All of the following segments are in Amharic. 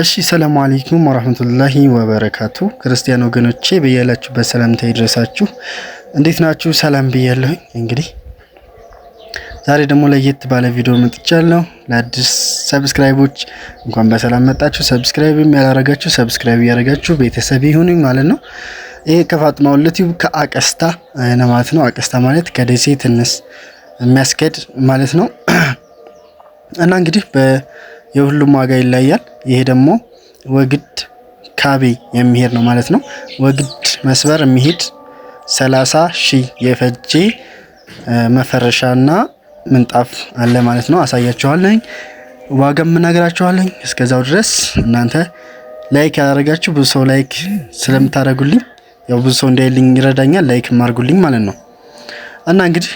እሺ ሰላም አለይኩም ወራህመቱላሂ ወበረካቱ። ክርስቲያን ወገኖቼ በያላችሁበት ሰላምታ ይድረሳችሁ። እንዴት ናችሁ? ሰላም ብያለሁኝ። እንግዲህ ዛሬ ደግሞ ለየት ባለ ቪዲዮ መጥቻለሁ። ለአዲስ ሰብስክራይቦች እንኳን በሰላም መጣችሁ። ሰብስክራይብም ያላረጋችሁ ሰብስክራይብ እያረጋችሁ ቤተሰብ ይሁኑኝ ማለት ነው። ይሄ ከፋጥማ ወለት ዩብ ከአቀስታ ነማት ነው። አቀስታ ማለት ከደሴ ትንስ የሚያስገድ ማለት ነው እና እንግዲህ በ የሁሉም ዋጋ ይለያል። ይሄ ደግሞ ወግድ ካቤ የሚሄድ ነው ማለት ነው። ወግድ መስበር የሚሄድ ሰላሳ ሺህ የፈጀ መፈረሻና ምንጣፍ አለ ማለት ነው። አሳያችኋለኝ፣ ዋጋም ምናገራችኋለኝ። እስከዛው ድረስ እናንተ ላይክ ያላረጋችሁ ብዙ ሰው ላይክ ስለምታደርጉልኝ ያው ብዙ ሰው እንዳይልኝ ይረዳኛል። ላይክ ማርጉልኝ ማለት ነው እና እንግዲህ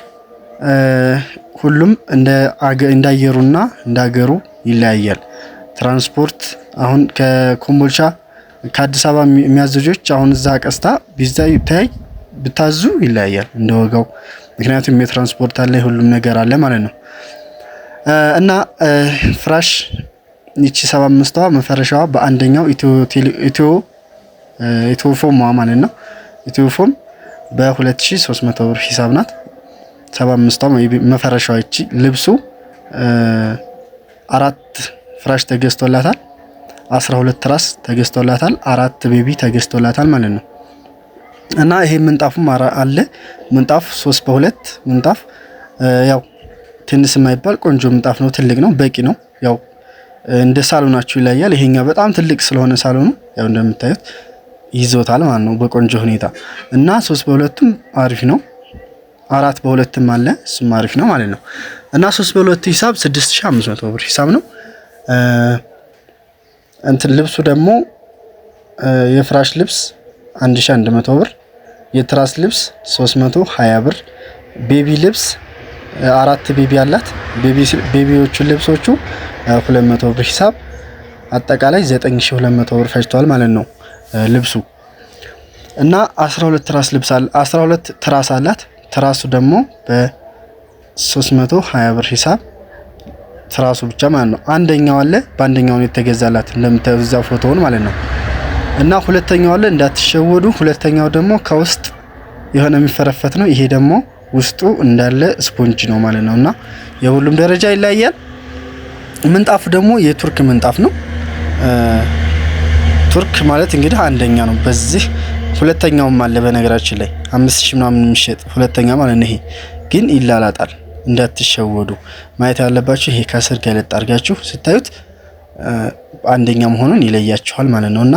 ሁሉም እንደ ና እንዳየሩና እንዳገሩ ይለያያል። ትራንስፖርት አሁን ከኮምቦልቻ ከአዲስ አበባ የሚያዘጆች አሁን እዛ ቀስታ ተያይ ብታዙ ይለያያል እንደ ወጋው። ምክንያቱም የትራንስፖርት አለ ሁሉም ነገር አለ ማለት ነው። እና ፍራሽ ይቺ ሰባ አምስተዋ መፈረሻዋ በአንደኛው ኢትዮፎም ፎም ማለት ነው ኢትዮፎም በ2300 ብር ሂሳብ ናት። ሰባ መፈረሻዋ ይቺ ልብሱ አራት ፍራሽ ተገዝቶላታል። አስራ ሁለት ትራስ ተገዝቶላታል። አራት ቤቢ ተገዝቶላታል ማለት ነው። እና ይሄ ምንጣፉም አለ ምንጣፍ ሶስት በሁለት ምንጣፍ ያው ትንስ የማይባል ቆንጆ ምንጣፍ ነው። ትልቅ ነው፣ በቂ ነው። ያው እንደ ሳሎናችሁ ይለያል። ይሄኛ በጣም ትልቅ ስለሆነ ሳሎኑ ያው እንደምታዩት ይዞታል ማለት ነው በቆንጆ ሁኔታ እና ሶስት በሁለቱም አሪፍ ነው። አራት በሁለትም አለ እሱም አሪፍ ነው ማለት ነው። እና 3 በሁለት ሂሳብ 6500 ብር ሂሳብ ነው። እንትን ልብሱ ደግሞ የፍራሽ ልብስ 1100 ብር፣ የትራስ ልብስ 320 ብር፣ ቤቢ ልብስ አራት ቤቢ አላት። ቤቢዎቹ ልብሶቹ 200 ብር ሂሳብ አጠቃላይ 9200 ብር ፈጅቷል ማለት ነው ልብሱ እና 12 ትራስ ልብስ አለ 12 ትራስ አላት። ትራሱ ደግሞ በ 320 ብር ሂሳብ ትራሱ ብቻ ማለት ነው። አንደኛው አለ በአንደኛው የተገዛላት እንደምታዩዛ ፎቶውን ማለት ነው። እና ሁለተኛው አለ እንዳትሸወዱ። ሁለተኛው ደግሞ ከውስጥ የሆነ የሚፈረፈት ነው። ይሄ ደግሞ ውስጡ እንዳለ ስፖንጅ ነው ማለት ነው። እና የሁሉም ደረጃ ይለያያል። ምንጣፉ ደግሞ የቱርክ ምንጣፍ ነው። ቱርክ ማለት እንግዲህ አንደኛ ነው። በዚህ ሁለተኛውም አለ በነገራችን ላይ አምስት ሺህ ምናምን የሚሸጥ ሁለተኛ ማለት ነው ይሄ ግን ይላላጣል። እንዳትሸወዱ ማየት ያለባችሁ ይሄ ከስር ገለጥ አድርጋችሁ ስታዩት አንደኛ መሆኑን ይለያችኋል ማለት ነው እና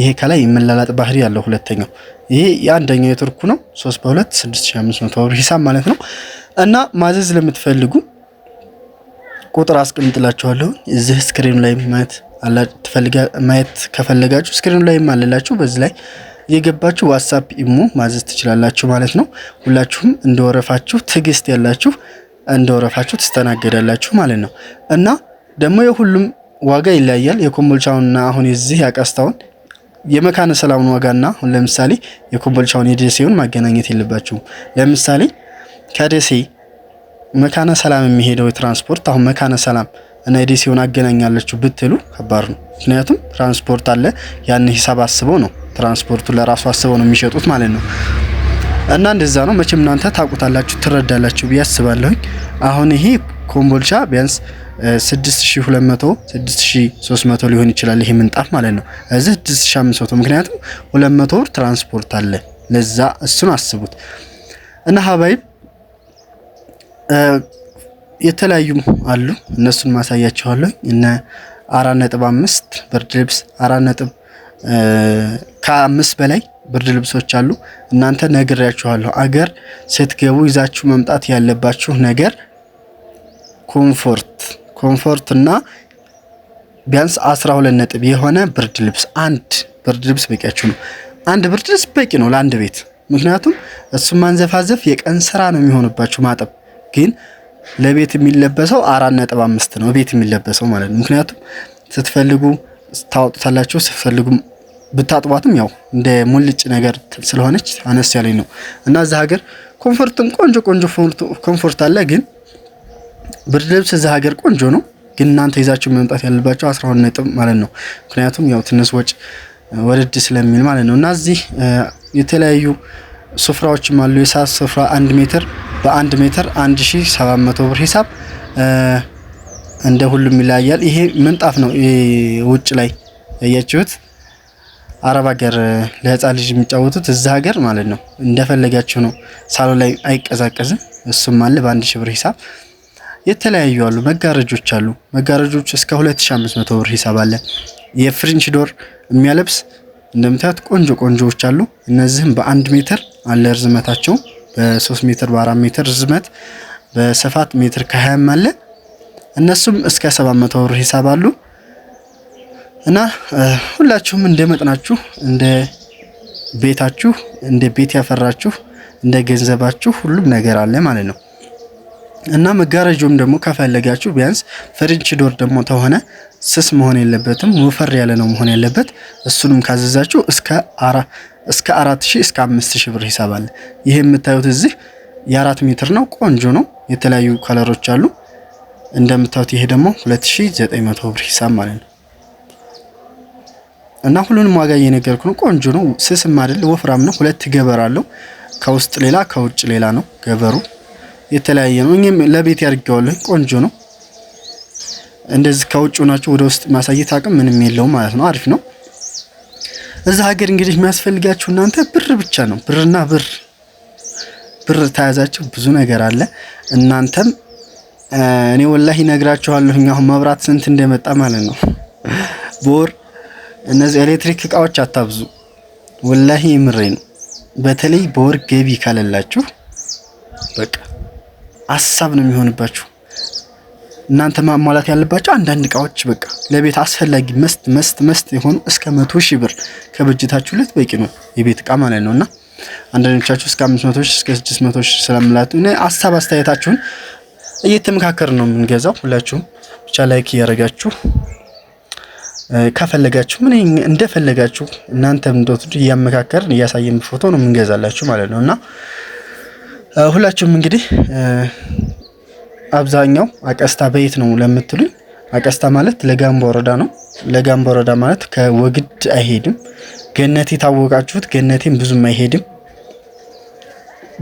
ይሄ ከላይ የመላላጥ ባህሪ ያለው ሁለተኛው ይሄ የአንደኛው የቱርኩ ነው። 3 በ2 6500 ብር ሂሳብ ማለት ነው እና ማዘዝ ለምትፈልጉ ቁጥር አስቀምጥላችኋለሁ እዚህ ስክሪኑ ላይ ማየት ትፈልጋ ማየት ከፈለጋችሁ ስክሪኑ ላይ ማለላችሁ በዚህ ላይ እየገባችሁ ዋትሳፕ ኢሞ ማዘዝ ትችላላችሁ ማለት ነው። ሁላችሁም እንደወረፋችሁ ትዕግስት ያላችሁ እንደወረፋችሁ ትስተናገዳላችሁ ማለት ነው እና ደግሞ የሁሉም ዋጋ ይለያያል። የኮምቦልቻውንና አሁን የዚህ ያቀስታውን የመካነ ሰላሙን ዋጋና አሁን ለምሳሌ የኮምቦልቻውን የደሴውን ማገናኘት የለባችሁም። ለምሳሌ ከደሴ መካነ ሰላም የሚሄደው ትራንስፖርት አሁን መካነ ሰላም እና የደሴውን አገናኛለችሁ ብትሉ ከባድ ነው። ምክንያቱም ትራንስፖርት አለ። ያን ሂሳብ አስበው ነው ትራንስፖርቱን ለራሱ አስበው ነው የሚሸጡት ማለት ነው። እና እንደዛ ነው መቼም እናንተ ታውቁታላችሁ፣ ትረዳላችሁ ብዬ አስባለሁኝ። አሁን ይሄ ኮምቦልቻ ቢያንስ 6200 6300 ሊሆን ይችላል፣ ይሄ ምንጣፍ ማለት ነው። እዚህ 6500 ምክንያቱም 200 ብር ትራንስፖርት አለ። ለዛ እሱን አስቡት እና ሀባይብ የተለያዩ አሉ፣ እነሱን ማሳያችኋለሁ። እነ 4.5 ብርድ ልብስ 4 ነጥብ ከአምስት በላይ ብርድ ልብሶች አሉ። እናንተ ነግሬያችኋለሁ። አገር ስትገቡ ይዛችሁ መምጣት ያለባችሁ ነገር ኮምፎርት ኮምፎርት እና ቢያንስ ሁለት ነጥብ የሆነ ብርድ ልብስ አንድ ብርድ ልብስ በቂያችሁ ነው። አንድ ብርድ ልብስ በቂ ነው ለአንድ ቤት። ምክንያቱም እሱን ማንዘፋዘፍ የቀን ስራ ነው የሚሆንባችሁ ማጠብ ግን ለቤት የሚለበሰው አራት ነጥብ አምስት ነው ቤት የሚለበሰው ማለት ነው። ምክንያቱም ስትፈልጉ ታወጡታላችሁ ስትፈልጉም ብታጥቧትም ያው እንደ ሙልጭ ነገር ስለሆነች አነስ ያለኝ ነው እና እዛ ሀገር ኮንፎርትም ቆንጆ ቆንጆ ኮንፎርት አለ። ግን ብርድ ልብስ እዛ ሀገር ቆንጆ ነው። ግን እናንተ ይዛችሁ መምጣት ያለባቸው አስራ ሁለት ነጥብ ማለት ነው። ምክንያቱም ያው ትንሽ ወጭ ወደድ ስለሚል ማለት ነው እና እዚህ የተለያዩ ስፍራዎችም አሉ። የሳት ስፍራ አንድ ሜትር በአንድ ሜትር አንድ ሺ ሰባት መቶ ብር ሂሳብ እንደ ሁሉም ይለያያል። ይሄ ምንጣፍ ነው ውጭ ላይ ያያችሁት አረብ ሀገር ለህፃን ልጅ የሚጫወቱት እዛ ሀገር ማለት ነው እንደፈለጋቸው ነው። ሳሎን ላይ አይቀዛቀዝም። እሱም አለ በአንድ ሺህ ብር ሂሳብ የተለያዩ አሉ። መጋረጆች አሉ። መጋረጆች እስከ 2500 ብር ሂሳብ አለ። የፍሪንች ዶር የሚያለብስ እንደምታዩት ቆንጆ ቆንጆዎች አሉ። እነዚህም በአንድ ሜትር አለ ርዝመታቸው በ3 ሜትር በ4 ሜትር ርዝመት በስፋት ሜትር ከ20 አለ። እነሱም እስከ 700 ብር ሂሳብ አሉ። እና ሁላችሁም እንደመጥናችሁ እንደ ቤታችሁ እንደ ቤት ያፈራችሁ እንደ ገንዘባችሁ ሁሉም ነገር አለ ማለት ነው። እና መጋረጃውም ደግሞ ከፈለጋችሁ ቢያንስ ፈርንች ዶር ደግሞ ተሆነ ስስ መሆን የለበትም፣ ወፈር ያለ ነው መሆን ያለበት። እሱንም ካዘዛችሁ እስከ አራት ሺህ እስከ አምስት ሺህ ብር ሂሳብ አለ። ይሄ የምታዩት እዚህ የአራት ሜትር ነው። ቆንጆ ነው። የተለያዩ ከለሮች አሉ እንደምታዩት። ይሄ ደግሞ መቶ ብር ሂሳብ ማለት ነው። እና ሁሉንም ዋጋ እየነገርኩ ነው። ቆንጆ ነው፣ ስስም አይደል፣ ወፍራም ነው። ሁለት ገበር አለው። ከውስጥ ሌላ ከውጭ ሌላ ነው። ገበሩ የተለያየ ነው። እኔም ለቤት ያድርገዋለሁ። ቆንጆ ነው። እንደዚህ ከውጭ ሆናችሁ ወደ ውስጥ ማሳየት አቅም ምንም የለው ማለት ነው። አሪፍ ነው። እዛ ሀገር እንግዲህ የሚያስፈልጋችሁ እናንተ ብር ብቻ ነው። ብርና ብር ብር ተያዛችሁ ብዙ ነገር አለ። እናንተም እኔ ወላሂ ነግራችኋለሁ። አሁን መብራት ስንት እንደመጣ ማለት ነው በወር እነዚህ ኤሌክትሪክ እቃዎች አታብዙ። ወላሂ የምሬ ነው። በተለይ በወር ገቢ ካለላችሁ በቃ ሀሳብ ነው የሚሆንባችሁ። እናንተ ማሟላት ያለባቸው አንዳንድ እቃዎች በቃ ለቤት አስፈላጊ መስት መስት መስት የሆኑ እስከ መቶ ሺህ ብር ከበጀታችሁ ለት በቂ ነው የቤት እቃ ማለት ነው እና አንዳንዶቻችሁ እስከ አምስት መቶ ሺህ እስከ ስድስት መቶ ሺህ ስለምላችሁ ሀሳብ አስተያየታችሁን እየተመካከር ነው የምንገዛው። ሁላችሁም ብቻ ላይክ እያደረጋችሁ ከፈለጋችሁ ምን እንደፈለጋችሁ እናንተ እንደወትዱ እያመካከርን እያሳየን ፎቶ ነው የምንገዛላችሁ ማለት ነው። እና ሁላችሁም እንግዲህ አብዛኛው አቀስታ በየት ነው ለምትሉኝ፣ አቀስታ ማለት ለጋምቦ ወረዳ ነው። ለጋምቦ ወረዳ ማለት ከወግድ አይሄድም። ገነቴ ታወቃችሁት፣ ገነቴም ብዙም አይሄድም።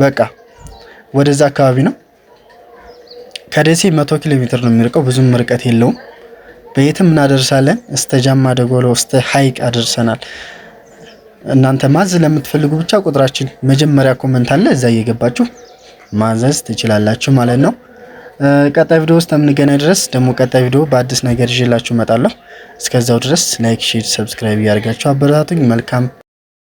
በቃ ወደዛ አካባቢ ነው። ከደሴ መቶ ኪሎ ሜትር ነው የሚርቀው፣ ብዙም ርቀት የለውም። በየትም እናደርሳለን። እስተ ጃማ ደጎሎ እስተ ሀይቅ አደርሰናል። እናንተ ማዝ ለምትፈልጉ ብቻ ቁጥራችን መጀመሪያ ኮመንት አለ፣ እዛ እየገባችሁ ማዘዝ ትችላላችሁ ማለት ነው። ቀጣይ ቪዲዮ ውስጥ የምንገናኝ ድረስ ደግሞ ቀጣይ ቪዲዮ በአዲስ ነገር ይዤላችሁ እመጣለሁ። እስከዛው ድረስ ላይክ፣ ሼር፣ ሰብስክራይብ እያደርጋችሁ አበረታቱኝ። መልካም